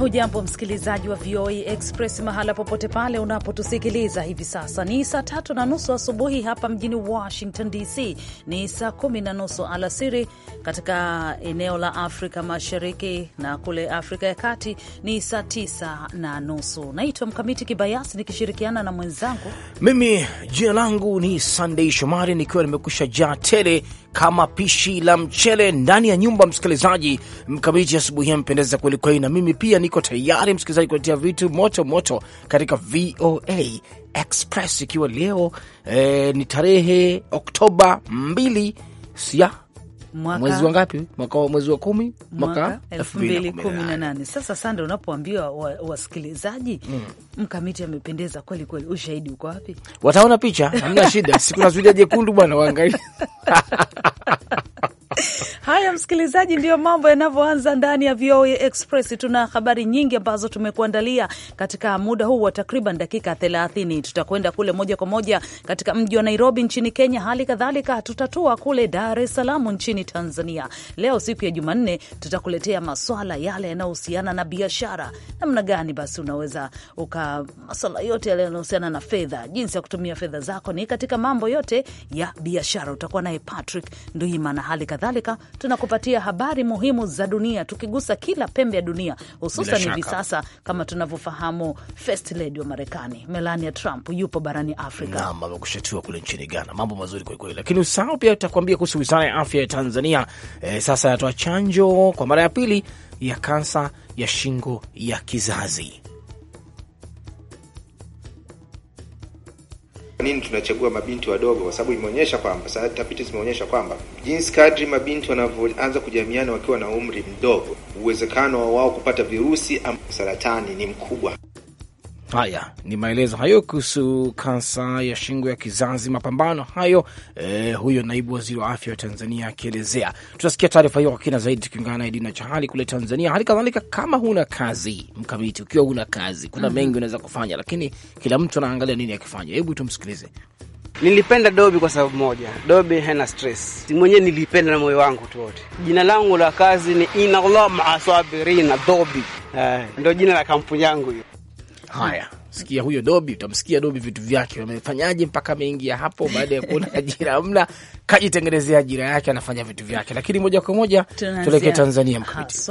Hujambo msikilizaji wa VOA e Express mahala popote pale unapotusikiliza hivi sasa. Ni saa tatu na nusu asubuhi hapa mjini Washington DC, ni saa kumi na nusu alasiri katika eneo la Afrika Mashariki, na kule Afrika ya Kati ni saa tisa na nusu. Naitwa Mkamiti Kibayasi nikishirikiana na mwenzangu, mimi jina langu ni sandei Shomari, nikiwa nimekusha jaa tele kama pishi la mchele ndani ya nyumba. Msikilizaji mkamiti, asubuhi kweli kwelikweli, na mimi pia niko tayari msikilizaji kuletea vitu moto moto katika VOA Express, ikiwa leo eh, ni tarehe Oktoba 2 sia mwezi wa ngapi? Mwezi wa kumi mwaka elfu mbili kumi na nane. Sasa Sanda, unapoambiwa wasikilizaji wa mm. mkamiti amependeza kweli kweli, ushahidi uko wapi? Wataona picha, hamna shida, sikuna zulia jekundu bwana, waangalia Haya, msikilizaji, ndiyo mambo yanavyoanza ndani ya VOA Express. Tuna habari nyingi ambazo tumekuandalia katika muda huu wa takriban dakika 30. Tutakwenda kule moja kwa moja katika mji wa Nairobi nchini Kenya, hali kadhalika tutatua kule Dar es Salaam nchini Tanzania. Leo siku ya Jumanne tutakuletea maswala yale yanayohusiana na biashara, namna gani basi unaweza uka, maswala yote yale yanayohusiana na fedha, jinsi ya kutumia fedha zako, ni katika mambo yote ya biashara. Utakuwa naye Patrick Nduimana, hali kadhalika tunakupatia habari muhimu za dunia, tukigusa kila pembe ya dunia, hususan hivi sasa kama tunavyofahamu, first lady wa Marekani Melania Trump yupo barani Afrika, amekushatua kule nchini Ghana. Mambo mazuri kwelikweli, lakini usahau pia tutakuambia kuhusu wizara ya afya ya Tanzania. E, sasa yanatoa chanjo kwa mara ya pili ya kansa ya shingo ya kizazi. Kwa nini tunachagua mabinti wadogo? Kwa sababu imeonyesha kwamba sasa, tafiti zimeonyesha kwamba jinsi kadri mabinti wanavyoanza kujamiana wakiwa na umri mdogo, uwezekano wao kupata virusi ama saratani ni mkubwa. Haya ni maelezo hayo kuhusu kansa ya shingo ya kizazi, mapambano hayo. Eh, huyo naibu waziri wa afya wa Tanzania akielezea. Tutasikia taarifa hiyo kwa kina zaidi tukiungana na Edina Chahali kule Tanzania. Hali kadhalika kama huna kazi mkamiti, ukiwa huna kazi kuna mm -hmm. mengi unaweza kufanya, lakini kila mtu anaangalia nini akifanya. Hebu tumsikilize. Nilipenda Dobi kwa sababu moja, Dobi hana stress. Mwenyewe nilipenda na moyo wangu tu wote. Jina langu la kazi ni inallah maasabirina Dobi. Eh, ndio jina la kampuni yangu hiyo. Haya, sikia huyo Dobi, utamsikia Dobi vitu vyake, amefanyaje mpaka ameingia hapo. Baada ya kuona ajira amna, kajitengenezea ajira yake, anafanya vitu vyake. Lakini moja kwa moja tuelekee Tanzania, mkabiti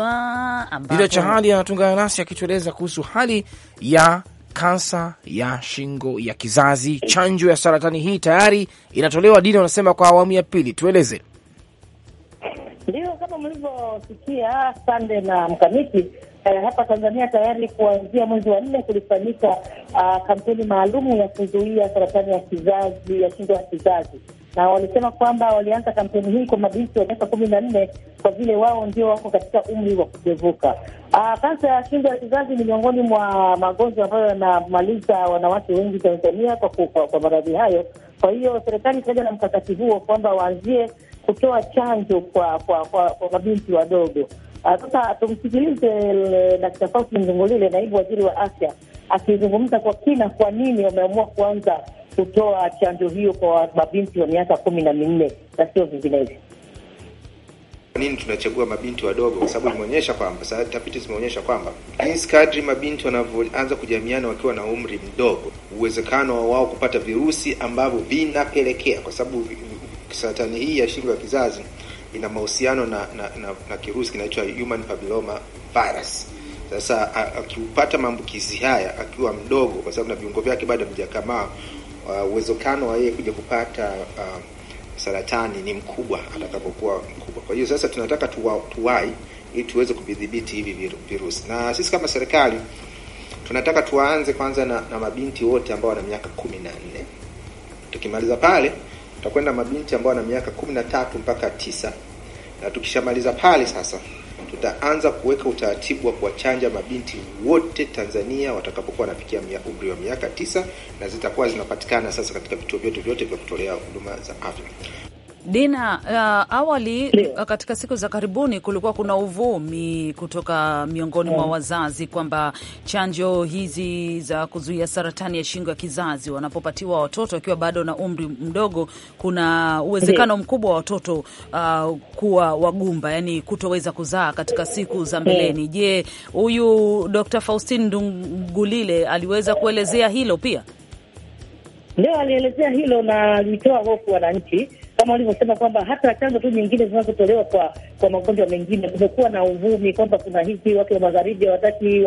bila cha hali anatungana nasi akitueleza kuhusu hali ya kansa ya shingo ya kizazi. Chanjo ya saratani hii tayari inatolewa dini, wanasema kwa awamu ya pili. Tueleze. Ndio, kama mlivyosikia Sande na Mkamiti eh, hapa Tanzania tayari kuanzia mwezi wa nne kulifanyika uh, kampeni maalumu ya kuzuia saratani ya kizazi ya shingo ya kizazi na walisema kwamba walianza kampeni hii kwa mabinti wa miaka kumi na nne kwa vile wao ndio wako katika umri wa kupevuka. Ah, kansa ya shingo ya kizazi ni miongoni mwa magonjwa ambayo yanamaliza wanawake wengi Tanzania kwa, kwa, kwa maradhi hayo. Kwa hiyo serikali ikaja na mkakati huo kwamba waanzie kutoa chanjo kwa kwa, kwa, kwa mabinti wadogo Ah, sasa tumsikilize eh, Dakta Faustin mzungulile naibu waziri wa afya, akizungumza kwa kina kwa nini wameamua kuanza kutoa chanjo hiyo kwa mabinti wa miaka kumi na minne na sio vinginevyo. Kwa nini tunachagua mabinti wadogo? Kwa sababu imeonyesha kwamba tafiti zimeonyesha kwamba jinsi kadri mabinti wanavyoanza kujamiana wakiwa na umri mdogo, uwezekano wa wao kupata virusi ambavyo vinapelekea, kwa sababu saratani hii ya shingo ya kizazi ina mahusiano na, na, na, na kirusi kinaitwa human papilloma virus. Sasa akiupata maambukizi haya akiwa mdogo, kwa sababu na viungo vyake bado havijakamaa, uwezekano uh, wa yeye kuja kupata uh, saratani ni mkubwa atakapokuwa mkubwa. Kwa hiyo sasa tunataka tuwa, tuwai ili tuweze kuvidhibiti hivi virusi, na sisi kama serikali tunataka tuanze kwanza na, na mabinti wote ambao wana miaka kumi na nne. Tukimaliza pale tutakwenda mabinti ambao wana miaka kumi na tatu mpaka tisa, na tukishamaliza pale sasa tutaanza kuweka utaratibu wa kuwachanja mabinti wote Tanzania watakapokuwa wanafikia umri wa miaka tisa, na zitakuwa zinapatikana sasa katika vituo vyote vyote vya kutolea huduma za afya. Dina, uh, awali yeah. Uh, katika siku za karibuni kulikuwa kuna uvumi kutoka miongoni mwa wazazi kwamba chanjo hizi za kuzuia saratani ya shingo ya kizazi wanapopatiwa watoto wakiwa bado na umri mdogo, kuna uwezekano mkubwa wa watoto uh, kuwa wagumba, yani kutoweza kuzaa katika siku za mbeleni. Je, huyu Dr. faustin Ndugulile aliweza kuelezea hilo pia? Leo alielezea hilo na alitoa hofu wananchi kama walivyosema kwamba hata chanzo tu nyingine zinazotolewa kwa kwa magonjwa mengine, kumekuwa na uvumi kwamba kuna hizi watu wa magharibi hawataki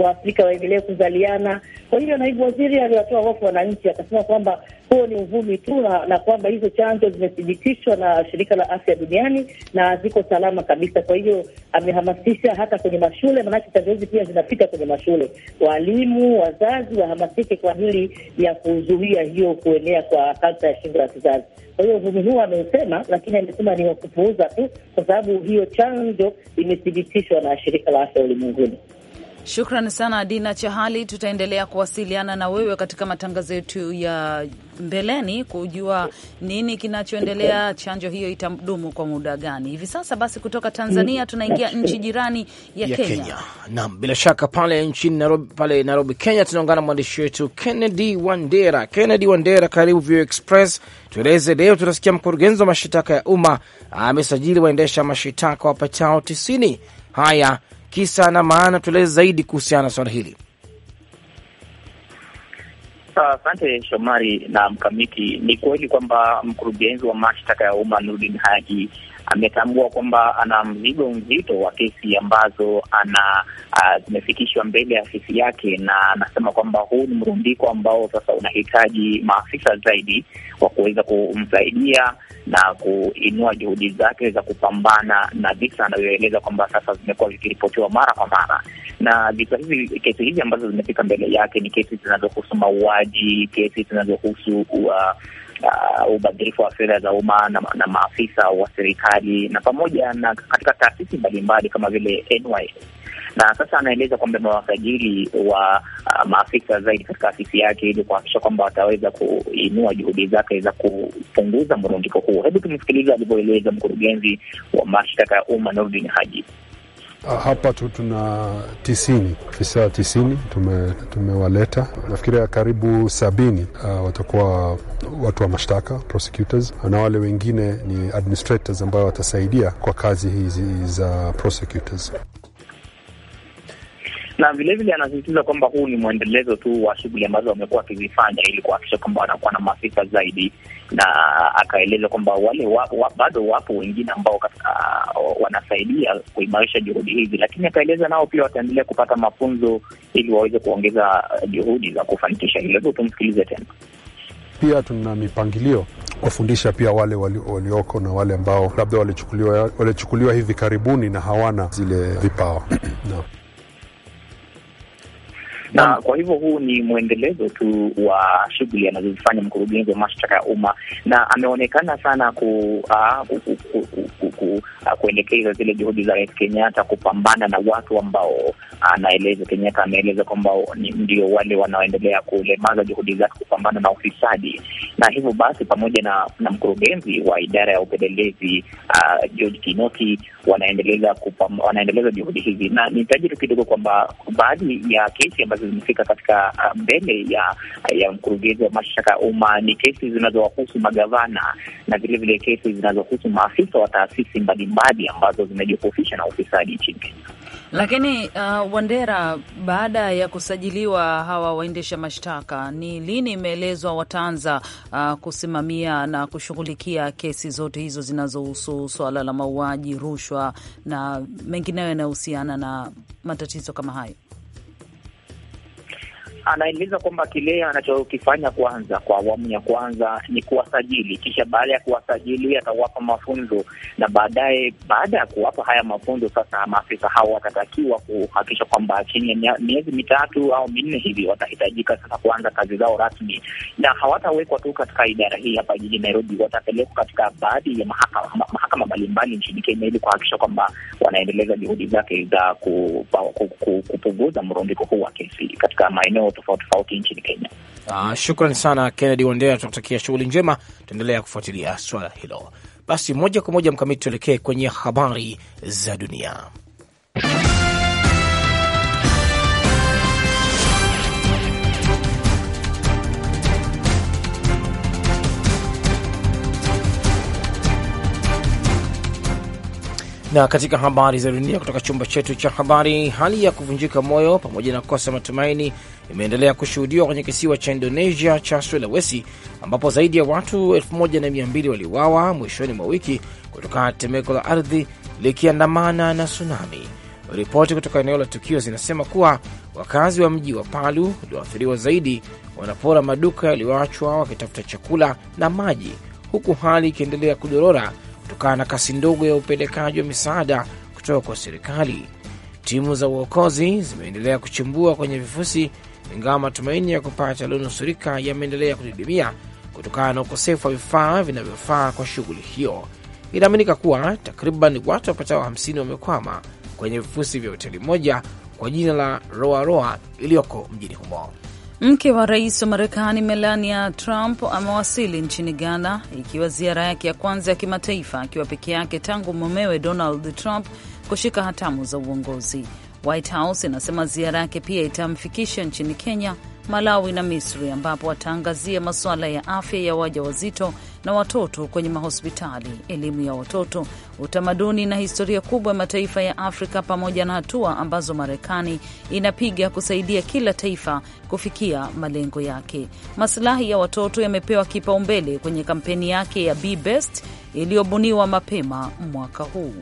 Waafrika waendelee kuzaliana. Kwa hiyo naibu waziri aliwatoa hofu wananchi, akasema kwamba huo ni uvumi tu na, na kwamba hizo chanjo zimethibitishwa na shirika la afya duniani na ziko salama kabisa. Kwa hiyo amehamasisha hata kwenye mashule, maanake chanjo hizi pia zinapita kwenye mashule, walimu, wazazi wahamasike kwa ajili ya kuzuia hiyo kuenea kwa kansa ya shingo ya kizazi. Kwa hiyo uvumi huu ameusema, lakini amesema ni wakupuuza tu, kwa sababu hiyo chanjo imethibitishwa na shirika la afya ulimwenguni. Shukran sana Dina Chahali, tutaendelea kuwasiliana na wewe katika matangazo yetu ya mbeleni kujua nini kinachoendelea, chanjo hiyo itadumu kwa muda gani. Hivi sasa basi, kutoka Tanzania tunaingia nchi jirani ya, ya Kenya, Kenya. Naam, bila shaka pale nchini Nairobi, pale Nairobi Kenya tunaungana mwandishi wetu Kennedy Wandera. Kennedy Wandera, karibu Vio Express, tueleze leo. tunasikia mkurugenzi wa mashitaka ya umma amesajili waendesha mashitaka wapatao tisini. Haya kisa na maana, tueleze zaidi kuhusiana na swala hili. Asante uh, Shomari na Mkamiti. Ni kweli kwamba mkurugenzi wa mashtaka ya umma Nurdin Haji ametambua kwamba ana mzigo mzito wa kesi ambazo ana zimefikishwa uh, mbele ya afisi yake, na anasema kwamba huu ni mrundiko ambao sasa unahitaji maafisa zaidi wa kuweza kumsaidia na kuinua juhudi zake za kupambana na visa anavyoeleza kwamba sasa vimekuwa vikiripotiwa mara kwa mara. Na visa hivi, kesi hizi ambazo zimefika mbele yake ni kesi zinazohusu mauaji, kesi zinazohusu Uh, uh ubadhirifu wa fedha za umma na, na maafisa wa serikali na pamoja na katika taasisi mbalimbali kama vile NYS na sasa anaeleza kwamba amewasajili wa uh, maafisa zaidi katika afisi yake ili kuhakikisha kwamba wataweza kuinua juhudi zake za kupunguza mrundiko huo. Hebu tumsikilize alivyoeleza mkurugenzi wa mashtaka ya umma Nordin Haji. Ah, hapa tu tuna tisini afisa tisini tumewaleta, tume nafikiria karibu sabini uh, watakuwa watu wa mashtaka prosecutors, na wale wengine ni administrators watasaidia kwa kazi hizi za prosecutors na vilevile anasisitiza kwamba huu ni mwendelezo tu wa shughuli ambazo wamekuwa wakizifanya ili kuhakikisha kwamba wanakuwa na maarifa zaidi, na akaeleza kwamba wale wa, wa, bado wapo wengine ambao uh, wanasaidia kuimarisha juhudi hizi, lakini akaeleza nao pia wataendelea kupata mafunzo ili waweze kuongeza uh, juhudi za kufanikisha hilo. Hebu tumsikilize tena. Pia tuna mipangilio kufundisha pia wale walioko na wale ambao labda walichukuliwa walichukuliwa hivi karibuni na hawana zile vipawa no na kwa hivyo huu ni mwendelezo tu wa shughuli anazozifanya mkurugenzi wa mashtaka ya umma, na ameonekana sana ku, uh, ku, ku, ku, ku, ku uh, kuelekeza zile juhudi za Rais Kenyatta kupambana na watu ambao anaeleza, ah, uh, Kenyatta ameeleza kwamba ndio wale wanaoendelea kulemaza juhudi zake kupambana na ufisadi, na hivyo basi pamoja na, na mkurugenzi wa idara ya upelelezi uh, George Kinoti wanaendeleza kupam, wanaendeleza juhudi hizi, na nitajiri kidogo kwamba baadhi ya kesi ambazo ambazo zimefika katika uh, mbele ya ya mkurugenzi wa mashtaka ya umma ni kesi zinazowahusu magavana na vilevile kesi zinazohusu maafisa wa taasisi mbalimbali ambazo zimejihusisha na ufisadi nchini Kenya. Lakini uh, Wandera, baada ya kusajiliwa hawa waendesha mashtaka, ni lini imeelezwa wataanza uh, kusimamia na kushughulikia kesi zote hizo zinazohusu swala la mauaji, rushwa na mengineyo yanayohusiana na matatizo kama hayo? anaeleza kwamba kile anachokifanya kwanza kwa awamu ya kwanza ni kuwasajili, kisha baada ya kuwasajili atawapa mafunzo, na baadaye, baada ya kuwapa haya mafunzo, sasa maafisa hao watatakiwa kuhakikisha kwamba chini ya miezi mitatu au minne hivi watahitajika sasa kuanza kazi zao rasmi, na hawatawekwa tu katika idara hii hapa jiji Nairobi, watapelekwa katika baadhi ya mahakama mahakama mbalimbali nchini Kenya ili kuhakikisha kwamba wanaendeleza juhudi zake za kupunguza mrundiko huu wa kesi katika maeneo maeneo tofauti tofauti nchini Kenya. Ah, shukran sana Kennedy Wandera, tunakutakia shughuli njema, tuendelea kufuatilia swala hilo. Basi moja kwa moja mkamiti, tuelekee kwenye habari za dunia. Na katika habari za dunia kutoka chumba chetu cha habari, hali ya kuvunjika moyo pamoja na kukosa matumaini imeendelea kushuhudiwa kwenye kisiwa cha Indonesia cha Sulawesi ambapo zaidi ya watu 1200 waliuawa mwishoni mwa wiki kutokana na tetemeko la ardhi likiandamana na tsunami. Ripoti kutoka eneo la tukio zinasema kuwa wakazi wa mji wa Palu ulioathiriwa zaidi wanapora maduka yaliyoachwa wakitafuta chakula na maji, huku hali ikiendelea kudorora kutokana na kasi ndogo ya upelekaji wa misaada kutoka kwa serikali. Timu za uokozi zimeendelea kuchimbua kwenye vifusi, ingawa matumaini ya kupata yalionusurika yameendelea kudidimia kutokana na ukosefu wa vifaa vinavyofaa kwa shughuli hiyo. Inaaminika kuwa takriban watu wapatao 50 wamekwama kwenye vifusi vya hoteli moja kwa jina la Roa Roa iliyoko mjini humo. Mke wa rais wa Marekani Melania Trump amewasili nchini Ghana, ikiwa ziara yake ya kwanza ya kimataifa akiwa peke yake tangu mumewe Donald Trump kushika hatamu za uongozi. White House inasema ziara yake pia itamfikisha nchini Kenya Malawi na Misri, ambapo wataangazia masuala ya afya ya wajawazito na watoto kwenye mahospitali, elimu ya watoto, utamaduni na historia kubwa ya mataifa ya Afrika, pamoja na hatua ambazo Marekani inapiga kusaidia kila taifa kufikia malengo yake. Masilahi ya watoto yamepewa kipaumbele kwenye kampeni yake ya Be Best iliyobuniwa mapema mwaka huu.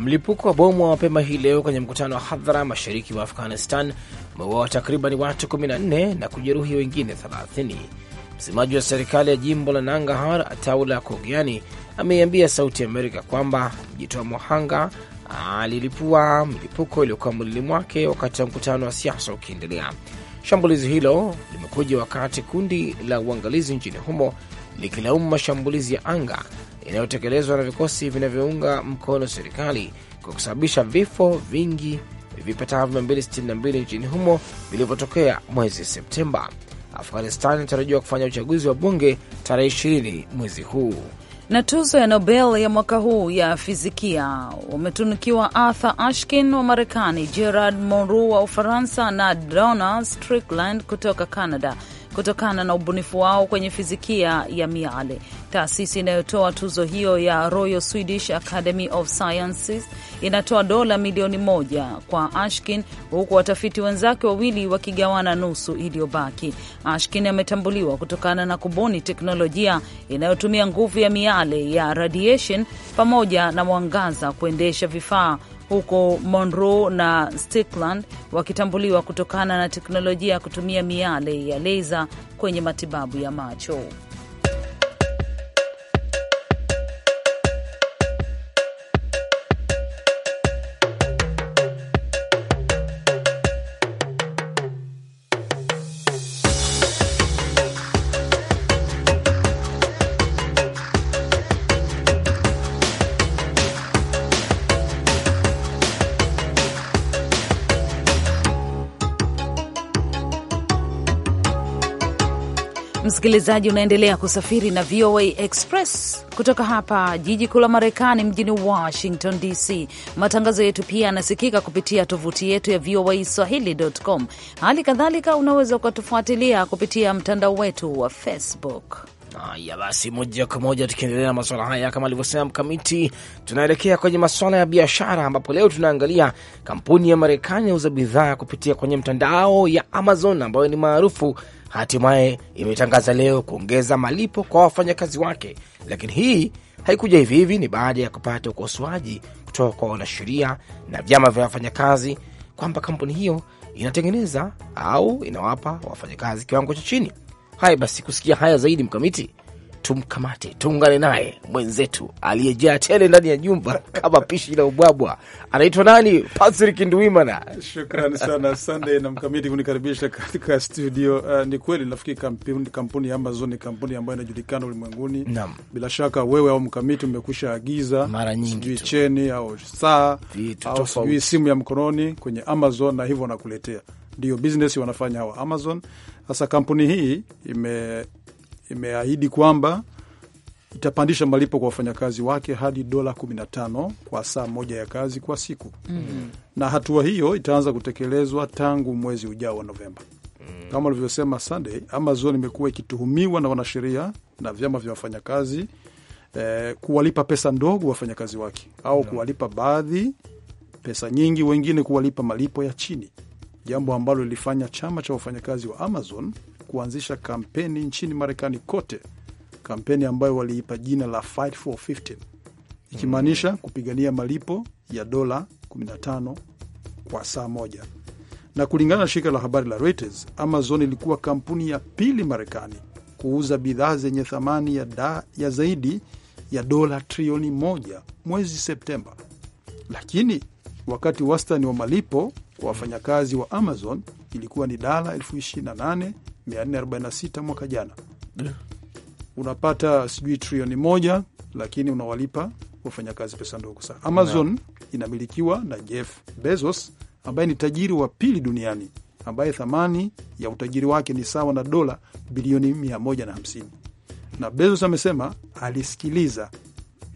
Mlipuko wa bomu wa mapema hii leo kwenye mkutano wa hadhara mashariki wa Afghanistan umewaua takriban watu 14 na kujeruhi wengine 30. Msemaji wa serikali ya jimbo la Nangahar, Ataula Kogiani, ameiambia Sauti Amerika kwamba mjitoa muhanga alilipua mlipuko iliokuwa mwilini mwake wakati wa mkutano wa siasa ukiendelea. Shambulizi hilo limekuja wakati kundi la uangalizi nchini humo likilaumu mashambulizi ya anga inayotekelezwa na vikosi vinavyounga mkono serikali kwa kusababisha vifo vingi vipatavyo 262 nchini humo vilivyotokea mwezi Septemba. Afghanistan inatarajiwa kufanya uchaguzi wa bunge tarehe 20 mwezi huu. Na tuzo ya Nobel ya mwaka huu ya fizikia wametunukiwa Arthur Ashkin wa Marekani, Gerard Mourou wa Ufaransa na Donna Strickland kutoka Canada kutokana na ubunifu wao kwenye fizikia ya miale. Taasisi inayotoa tuzo hiyo ya Royal Swedish Academy of Sciences inatoa dola milioni moja kwa Ashkin, huku watafiti wenzake wawili wakigawana nusu iliyobaki. Ashkin ametambuliwa kutokana na kubuni teknolojia inayotumia nguvu ya miale ya radiation pamoja na mwangaza kuendesha vifaa huko Monroe na Stickland wakitambuliwa kutokana na teknolojia ya kutumia miale ya leza kwenye matibabu ya macho. Msikilizaji, unaendelea kusafiri na VOA Express kutoka hapa jiji kuu la Marekani, mjini Washington DC. Matangazo yetu pia yanasikika kupitia tovuti yetu ya VOA Swahili.com. Hali kadhalika, unaweza ukatufuatilia kupitia mtandao wetu wa Facebook. Haya basi, moja kwa moja tukiendelea na masuala haya, kama alivyosema Mkamiti, tunaelekea kwenye masuala ya biashara, ambapo leo tunaangalia kampuni ya Marekani yauza bidhaa kupitia kwenye mtandao ya Amazon ambayo ni maarufu, hatimaye imetangaza leo kuongeza malipo kwa wafanyakazi wake. Lakini hii haikuja hivi hivi, ni baada ya kupata ukosoaji kutoka kwa wanasheria na vyama vya wafanyakazi kwamba kampuni hiyo inatengeneza au inawapa wafanyakazi kiwango cha chini Haya basi, kusikia haya zaidi, Mkamiti, tumkamate tuungane naye mwenzetu aliyejaa tele ndani ya nyumba kama pishi la ubwabwa. Anaitwa nani? Patrick Ndwimana. Shukrani sana Sunday na Mkamiti kunikaribisha katika studio. Uh, ni kweli nafikiri kampuni, kampuni ya Amazon ni kampuni ambayo inajulikana ulimwenguni. Bila shaka wewe au Mkamiti umekusha agiza mara nyingi, sijui cheni au saa au sijui simu ya mkononi kwenye Amazon na hivyo nakuletea ndiyo business wanafanya hawa Amazon. Sasa kampuni hii ime imeahidi kwamba itapandisha malipo kwa wafanyakazi wake hadi dola 15 kwa saa moja ya kazi kwa siku mm -hmm. na hatua hiyo itaanza kutekelezwa tangu mwezi ujao wa Novemba. Mm. Kama ulivyosema Sunday, Amazon imekuwa ikituhumiwa na wanasheria na vyama vya wafanyakazi eh, kuwalipa pesa ndogo wafanyakazi wake au no. kuwalipa baadhi pesa nyingi, wengine kuwalipa malipo ya chini jambo ambalo lilifanya chama cha wafanyakazi wa Amazon kuanzisha kampeni nchini Marekani kote, kampeni ambayo waliipa jina la Fight for 15 ikimaanisha mm-hmm. kupigania malipo ya dola 15 kwa saa moja. Na kulingana na shirika la habari la Reuters, Amazon ilikuwa kampuni ya pili Marekani kuuza bidhaa zenye thamani ya, da, ya zaidi ya dola trilioni moja mwezi Septemba, lakini wakati wastani wa malipo kwa wafanyakazi wa Amazon ilikuwa ni dala 28446 mwaka jana. Yeah. Unapata sijui trilioni moja, lakini unawalipa wafanyakazi pesa ndogo sana. Amazon yeah, inamilikiwa na Jeff Bezos ambaye ni tajiri wa pili duniani ambaye thamani ya utajiri wake ni sawa na dola bilioni 150 na Bezos amesema alisikiliza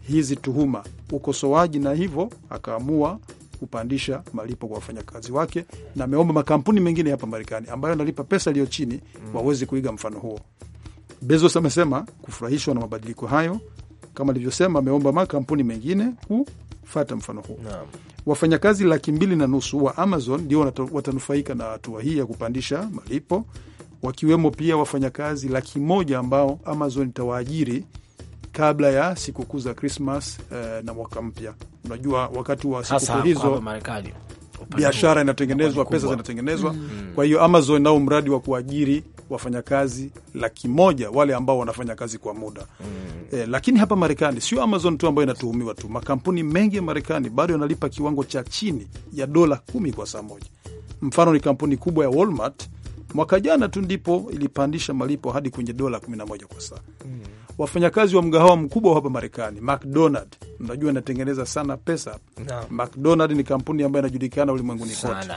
hizi tuhuma, ukosoaji na hivyo akaamua kupandisha malipo kwa wafanyakazi wake, na ameomba makampuni mengine hapa Marekani ambayo analipa pesa iliyo chini mm. waweze kuiga mfano huo. Bezos amesema kufurahishwa na mabadiliko hayo, kama alivyosema, ameomba makampuni mengine kufata mfano huo no. Wafanyakazi laki mbili na nusu wa Amazon ndio watanufaika na hatua hii ya kupandisha malipo, wakiwemo pia wafanyakazi laki moja ambao Amazon itawaajiri kabla ya sikukuu za Krismas eh, na mwaka mpya. Unajua, wakati wa sikukuu hizo biashara inatengenezwa, pesa zinatengenezwa. mm. Kwa hiyo Amazon nao mradi wa kuajiri wafanyakazi laki moja wale ambao wanafanya kazi kwa muda mm. Eh, lakini hapa Marekani sio Amazon tu ambayo inatuhumiwa tu, makampuni mengi ya Marekani bado yanalipa kiwango cha chini ya dola kumi kwa saa moja. Mfano ni kampuni kubwa ya Walmart mwaka jana tu ndipo ilipandisha malipo hadi kwenye dola moja kwa saa mm wafanyakazi wa mgahawa mkubwa hapa Marekani, McDonald, mnajua inatengeneza sana pesa no. McDonald ni kampuni ambayo inajulikana ulimwenguni kote.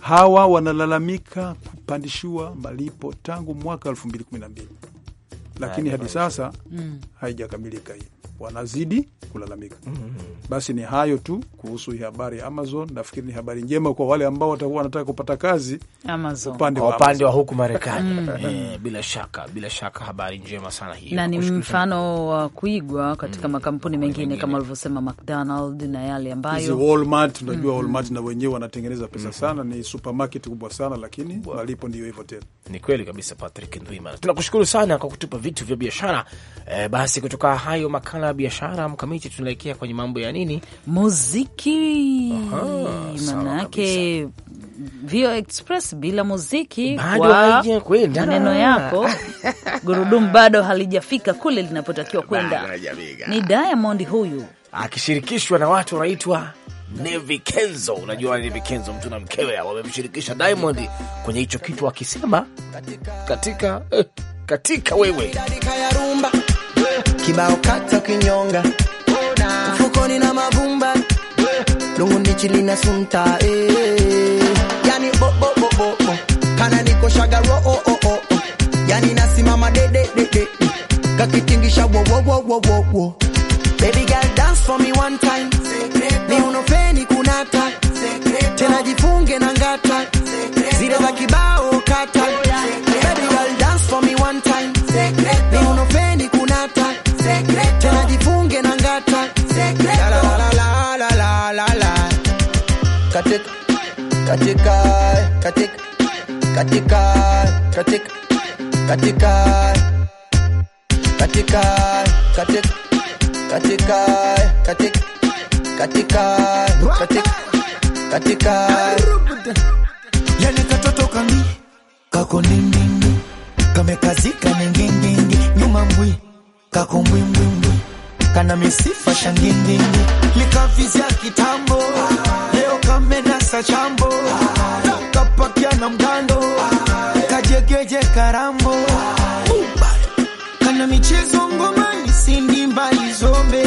Hawa wanalalamika kupandishiwa malipo tangu mwaka elfu mbili kumi na mbili lakini hadi sasa mm. haijakamilika hii wanazidi kulalamika. mm -hmm. Basi ni hayo tu kuhusu hii habari ya Amazon. Nafikiri ni habari njema kwa wale ambao watakuwa wanataka kupata kazi Amazon, upande wa, upande wa huku Marekani. mm. E, bila shaka bila shaka habari njema sana hiyo, na ni mfano wa kuigwa katika mm. makampuni mengine kama alivyosema McDonald na yale ambayo Walmart, unajua mm-hmm. Walmart na wenyewe wanatengeneza pesa mm -hmm. sana, ni supermarket kubwa sana, lakini malipo ndiyo hivyo tena. Ni kweli kabisa, Patrick Ndwimana, tunakushukuru sana kwa kutupa vitu vya biashara. E, basi kutoka hayo makala ya biashara, Mkamiti, tunaelekea kwenye mambo ya nini? Muziki. Manake Vio Express bila muziki bado kwenda. Maneno ah. yako gurudumu bado halijafika kule linapotakiwa kwenda. Ni Diamond huyu akishirikishwa na watu wanaitwa Nevi Kenzo. Unajua Nevi Kenzo, mtu na mkewe wamemshirikisha Diamond kwenye hicho kitu, akisema katika katika, eh, katika wewe kibao kata ukinyonga mfukoni na mavumba lungu ndichi lina sunta eh. yani bo bo, bo. bo kana niko shagaro o o o yani nasimama de kakitingisha wo wo wo wo wo wo Baby girl dance for me one time ni unofeni kunata tena jifunge na ngata zile za kibao katika katika katika katika katika katika katika katika katika katika yani katoto kami kako nindindi kamekazika ningindingi nyuma mbwi kako mbwimbwimbwi kana misifa shangindingi likavizia kitambo leo kamenasa chambo ah mapya na mgando kajegeje karambo kana michezo ngomani sindi mbali zombe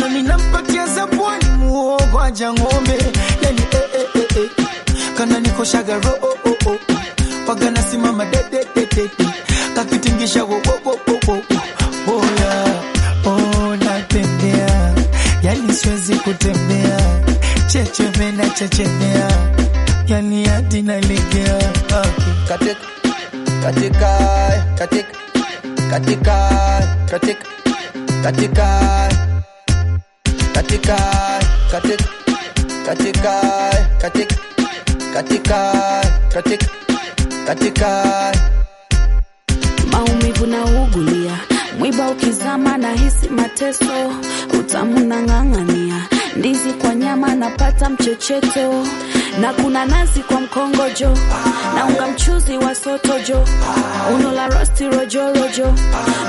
nami nampatia zabwani muogo aja ng'ombe yani eh, eh, eh, eh, eh. kana nikoshaga ro oh, oh, oh. oh. pagana simama dedededede kakitingisha wowowowowo boya oh, oh, oh natembea yani siwezi kutembea chechemena chechemea Mkaliati na legea katika katika katika katika katika katika katika katika katika katika katika katika katika maumivu na ugulia Mwiba ukizama na hisi mateso, utamu na ng'ang'ania ndizi kwa nyama napata mchecheto, na kuna nazi kwa mkongo jo, na unga mchuzi wa sotojo, uno la rosti rojo rojo,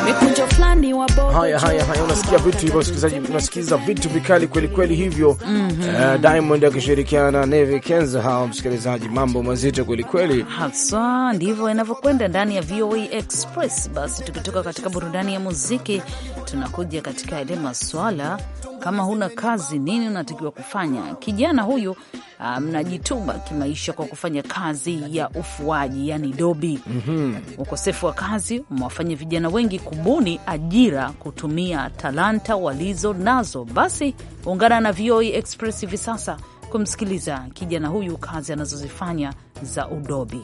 mikunjo flani wa bogo. Haya, haya, haya, unasikia vitu hivyo msikilizaji, unasikiza vitu vikali kweli kweli hivyo. mm -hmm. Uh, Diamond akishirikiana na Navy Kenza, hawa msikilizaji, mambo mazito kweli kweli, haswa ndivyo inavyokwenda ndani ya VOA e Express. Basi tukitoka katika burudani ya muziki, tunakuja katika ile maswala kama huna kazi, nini unatakiwa kufanya? Kijana huyu ah, mnajituma um, kimaisha kwa kufanya kazi ya ufuaji, yani dobi. mm -hmm. Ukosefu wa kazi umewafanya vijana wengi kubuni ajira kutumia talanta walizo nazo. Basi ungana na VOA e Express hivi sasa kumsikiliza kijana huyu, kazi anazozifanya za udobi.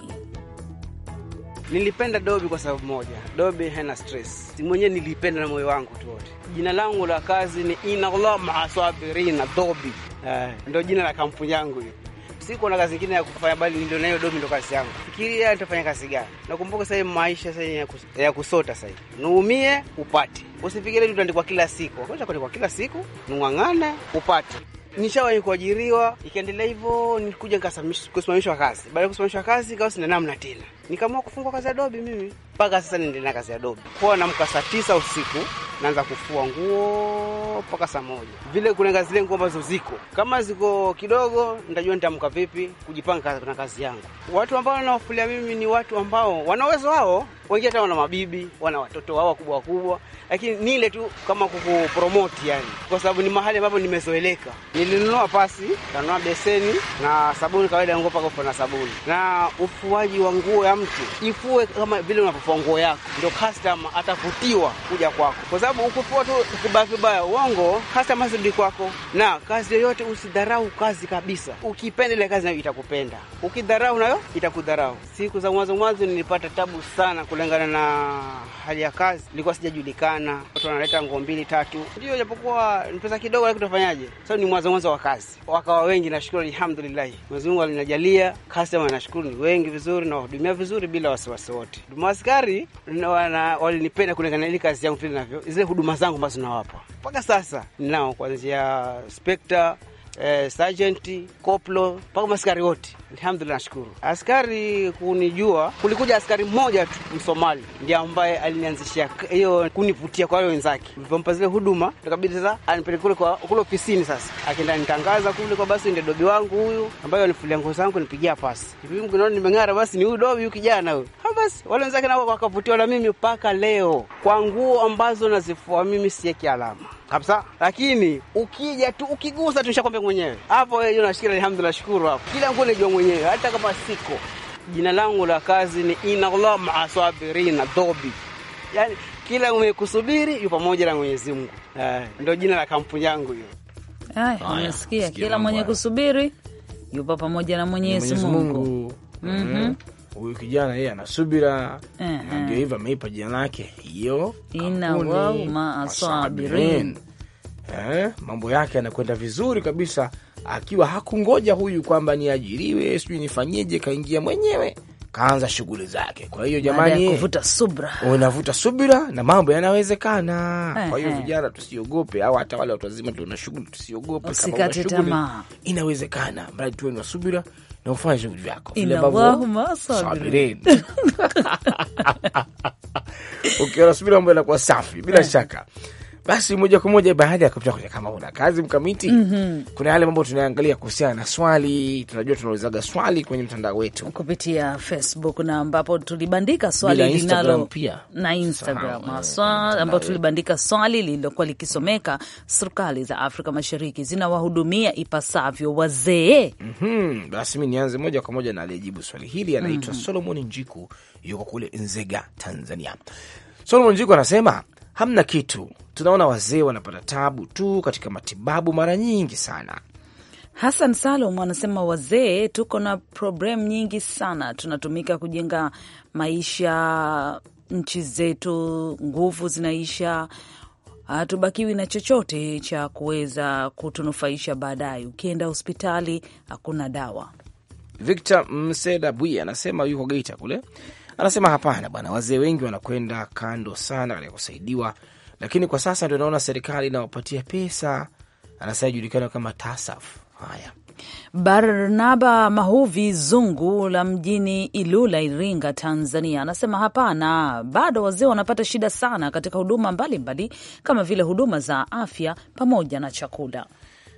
Nilipenda Dobi kwa sababu moja, Dobi hana stress. Mwenyewe nilipenda na moyo wangu tu wote. Jina langu la kazi ni Inallah maaswabirina Dobi. Eh, ndio jina la kampuni yangu hiyo. Siko na kazi nyingine ya kufanya bali nilio nayo Dobi ndio kazi yangu. Fikiria nitafanya kazi gani? Nakumbuka sasa maisha sasa ya, kus ya kusota sasa. Nuumie upate. Usifikirie tu ndio kwa kila siku. Kwanza kwa kila siku, nung'ang'ane upate. Nishawahi kuajiriwa, ikaendelea hivyo nilikuja nikasimamishwa kazi. Baada ya kusimamishwa kazi, kawa sina namna tena. Nikaamua kufungua kazi ya dobi mimi, mpaka sasa niendelea na kazi ya dobi. Kwa namka saa tisa usiku naanza kufua nguo mpaka saa moja vile. Kuna zile nguo ambazo ziko kama ziko kidogo, nitajua nitamka vipi kujipanga na kazi yangu. Watu ambao wanaofulia mimi ni watu ambao wana uwezo wao wengine hata wana mabibi, wana watoto wao wakubwa wakubwa, lakini ni ile tu kama kukupromoti yani, kwa sababu ni mahali ambapo nimezoeleka. Nilinunua pasi, kanunua beseni na sabuni kawaida, nguo paka ufa na sabuni na ufuaji wa nguo ya mtu, ifue kama vile unapofua nguo yako, ndio customer atavutiwa kuja kwako, kwa sababu ukufua tu kibaya kibaya, uongo, customer asirudi kwako. Na kazi yoyote usidharau kazi kabisa, ukipenda ile kazi nayo itakupenda, ukidharau nayo itakudharau. Siku za mwanzo mwanzo nilipata tabu sana kula kulingana na hali ya kazi nilikuwa sijajulikana, watu wanaleta nguo mbili tatu, ndio japokuwa ni pesa kidogo, lakini tutafanyaje? Sasa ni mwanzo mwanzo wa kazi, wakawa wengi, nashukuru alhamdulillah, Mwenyezi Mungu alinajalia customer, nashukuru ni wengi vizuri, nawahudumia vizuri bila wasiwasi wote. Huduma askari walinipenda kulingana ile kazi yangu vile navyo, zile huduma zangu ambazo nawapa mpaka sasa, ninao kuanzia spekta eh, sergeant, koplo mpaka maskari wote. Alhamdulillah, nashukuru askari kunijua. Kulikuja askari mmoja tu Msomali ndiye ambaye alinianzishia hiyo kunivutia kwa wale wenzake. Nilipompa zile huduma, tukabidi sasa anipeleke kule kwa kule ofisini. Sasa akaenda nitangaza kule kwa basi, ndio dobi wangu huyu ambaye alifulia nguo zangu, nipigia pasi mimi, naona nimeng'ara, basi ni huyu dobi huyu kijana huyu. Basi wale wenzake nao wakavutiwa na mimi mpaka leo, kwa nguo ambazo nazifua mimi sieki alama kabisa, lakini ukija tu ukigusa tu nishakwambia mwenyewe hapo. Wewe unashikira, alhamdulillah, shukuru hapo, kila nguo najua mwenyewe, hata kama siko. Jina langu la kazi ni inallah maasabirina dobi, yaani kila umekusubiri kusubiri yu pamoja na Mwenyezi Mungu. Eh, Ndio jina la kampuni yangu hiyo. Umesikia, kila mwenye kusubiri yupo pamoja na Mwenyezi Mungu. Mhm. Mm-hmm huyu kijana yeye ana subira eh, na ndio eh. hivyo ameipa jina lake hiyo eh, mambo yake yanakwenda vizuri kabisa, akiwa hakungoja huyu kwamba niajiriwe sijui nifanyije, kaingia mwenyewe kaanza shughuli zake. Kwa hiyo jamani, unavuta subra, unavuta subira na mambo yanawezekana. Eh, kwa hiyo eh. vijana tusiogope, au hata wale watu wazima tuna shughuli tusiogope, kama shughuli inawezekana, mradi tuwe na subira na kufanya shughuli vyako sabirin. Ukiwa nasubiri mambo yanakuwa safi bila shaka basi moja kwa moja baada ya kupita kwenye kama una kazi mkamiti, mm -hmm. kuna yale mambo tunaangalia kuhusiana na swali. Tunajua tunaulizaga swali kwenye mtandao wetu kupitia Facebook na ambapo tulibandika swali linalo pia na Instagram haswa, ambapo tulibandika swali lililokuwa likisomeka, serikali za Afrika Mashariki zinawahudumia ipasavyo wazee? mm -hmm. Basi mi nianze moja kwa moja na aliyejibu swali hili anaitwa mm -hmm. Solomon Njiku, yuko kule Nzega, Tanzania. Solomon Njiku anasema hamna kitu tunaona wazee wanapata tabu tu katika matibabu mara nyingi sana. Hassan Salum anasema wazee tuko na problem nyingi sana, tunatumika kujenga maisha nchi zetu, nguvu zinaisha, hatubakiwi na chochote cha kuweza kutunufaisha baadaye. Ukienda hospitali hakuna dawa. Victor Mseda Bwi anasema yuko Geita kule, anasema hapana bwana, wazee wengi wanakwenda kando sana katika kusaidiwa lakini kwa sasa ndio naona serikali inawapatia pesa, anasema kama TASAF. Haya, Barnaba Mahuvi Zungu la mjini Ilula, Iringa, Tanzania, anasema hapana, bado wazee wanapata shida sana katika huduma mbalimbali mbali, kama vile huduma za afya pamoja na chakula.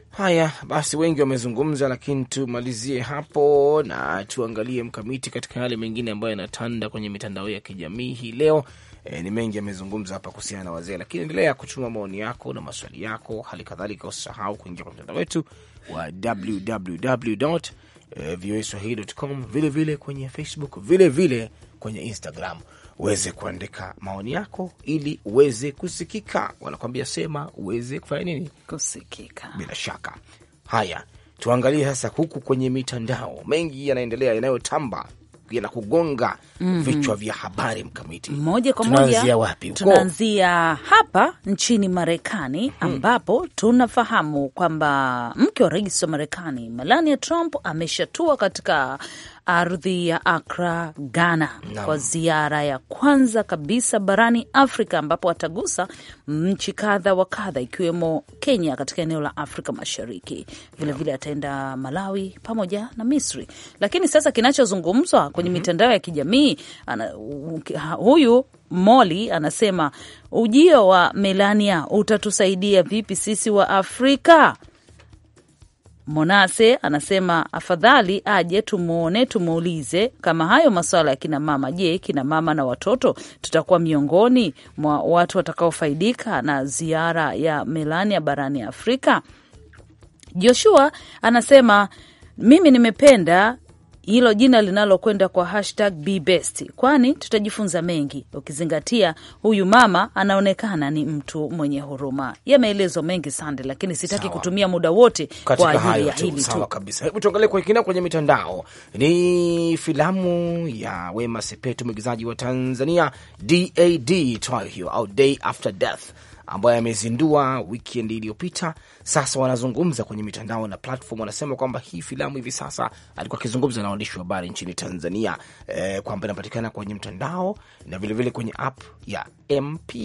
Haya basi, wengi wamezungumza, lakini tumalizie hapo na tuangalie mkamiti katika yale mengine ambayo yanatanda kwenye mitandao ya kijamii hii leo. E, ni mengi yamezungumza hapa kuhusiana na wazee, lakini endelea kuchuma maoni yako na maswali yako, hali kadhalika usisahau kuingia kwenye mtandao wetu wa www eh, voa swahili.com, vilevile kwenye Facebook, vilevile vile kwenye Instagram uweze kuandika maoni yako ili uweze kusikika. Wanakwambia sema uweze kufanya nini? Kusikika. Bila shaka. Haya, tuangalie sasa huku kwenye mitandao, mengi yanaendelea yanayotamba na kugonga mm -hmm. vichwa vya habari mkamiti. Moja kwa moja tunaanzia wapi? Tunaanzia hapa nchini Marekani mhm. ambapo hmm. tunafahamu kwamba mke wa rais wa Marekani Melania Trump ameshatua katika ardhi ya Accra, Ghana no. kwa ziara ya kwanza kabisa barani Afrika ambapo atagusa nchi kadha wa kadha ikiwemo Kenya katika eneo la Afrika Mashariki vilevile no. ataenda Malawi pamoja na Misri. Lakini sasa kinachozungumzwa kwenye mm -hmm. mitandao ya kijamii ana, huyu Moli anasema ujio wa Melania utatusaidia vipi sisi wa Afrika? Monase anasema afadhali aje tumwone, tumuulize kama hayo masuala ya kinamama. Je, kinamama na watoto tutakuwa miongoni mwa watu watakaofaidika na ziara ya Melania barani Afrika? Joshua anasema mimi nimependa hilo jina linalokwenda kwa hashtag be best, kwani tutajifunza mengi ukizingatia huyu mama anaonekana ni mtu mwenye huruma. Yameelezwa mengi Sande, lakini sitaki sawa, kutumia muda wote kwa ajili ya hili tu kabisa. Hebu tuangalie kwa kina kwenye mitandao. Ni filamu ya Wema Sepetu, mwigizaji wa Tanzania, dad twayo hiyo au day after death ambayo amezindua wikendi iliyopita. Sasa wanazungumza kwenye mitandao na platform, wanasema kwamba hii filamu hivi sasa, alikuwa akizungumza na waandishi wa habari nchini Tanzania eh, kwamba inapatikana kwenye mtandao na vilevile vile kwenye app ya MP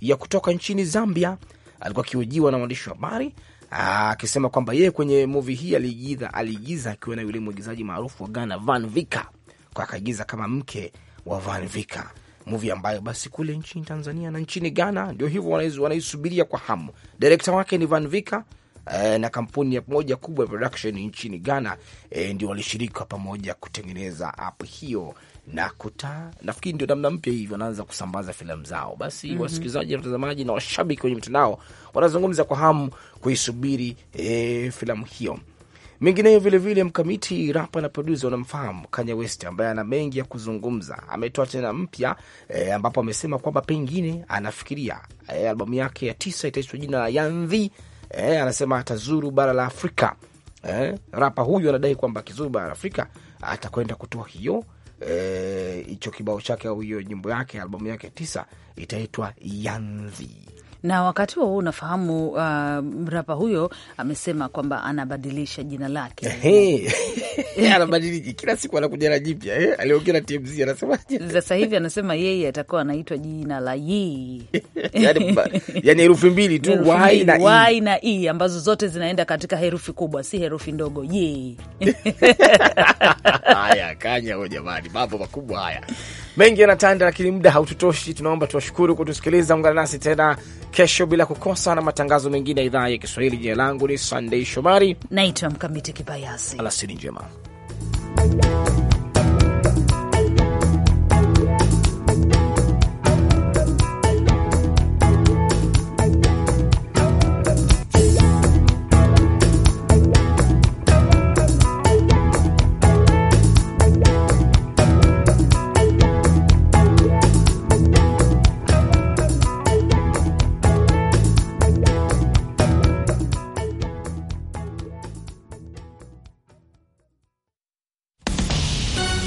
ya kutoka nchini Zambia. Alikuwa akihojiwa na waandishi wa habari ah, akisema kwamba yeye kwenye movi hii aliigiza aliigiza akiwa na yule mwigizaji maarufu wa Ghana Van Vika, kwa akaigiza kama mke wa Van Vika mvi ambayo basi kule nchini Tanzania na nchini Ghana ndio hivyo wanaisubiria kwa hamu. Direkta wake ni Van Vika eh, na kampuni ya moja kubwa ya production nchini Ghana eh, ndio walishirika pamoja kutengeneza app hiyo na kuta nafikiri ndio namna mpya hivi wanaanza kusambaza filamu zao. Basi mm -hmm. Wasikilizaji na watazamaji na washabiki kwenye mitandao wanazungumza kwa hamu kuisubiri eh, filamu hiyo. Mengineyo vilevile, mkamiti rapa na produsa unamfahamu Kanye West ambaye ana mengi ya kuzungumza, ametoa tena mpya e, ambapo amesema kwamba pengine anafikiria e, albamu yake ya tisa itaitwa jina la Yandhi. E, eh, anasema atazuru bara la Afrika. E, rapa huyu anadai kwamba akizuru bara la Afrika atakwenda kutoa hiyo hicho e, kibao chake au hiyo nyimbo yake, albamu yake tisa itaitwa Yandhi. Na wakati huo unafahamu, uh, mrapa huyo amesema kwamba anabadilisha jina lake anabadiliji kila siku anakuja na jipya eh? Aliongea na TMZ anasema sasa hivi? Anasema yeye atakuwa anaitwa jina la yi yani, yani herufi mbili tu y na i na i ambazo zote zinaenda katika herufi kubwa, si herufi ndogo ye. Haya, kanya jamani, mambo makubwa haya mengi yanatanda, lakini muda haututoshi. Tunaomba tuwashukuru kutusikiliza. Ungana nasi tena kesho bila kukosa na matangazo mengine ya idhaa ya Kiswahili. Jina langu ni Sandei Shomari, naitwa Mkamiti Kibayasi. Alasiri njema.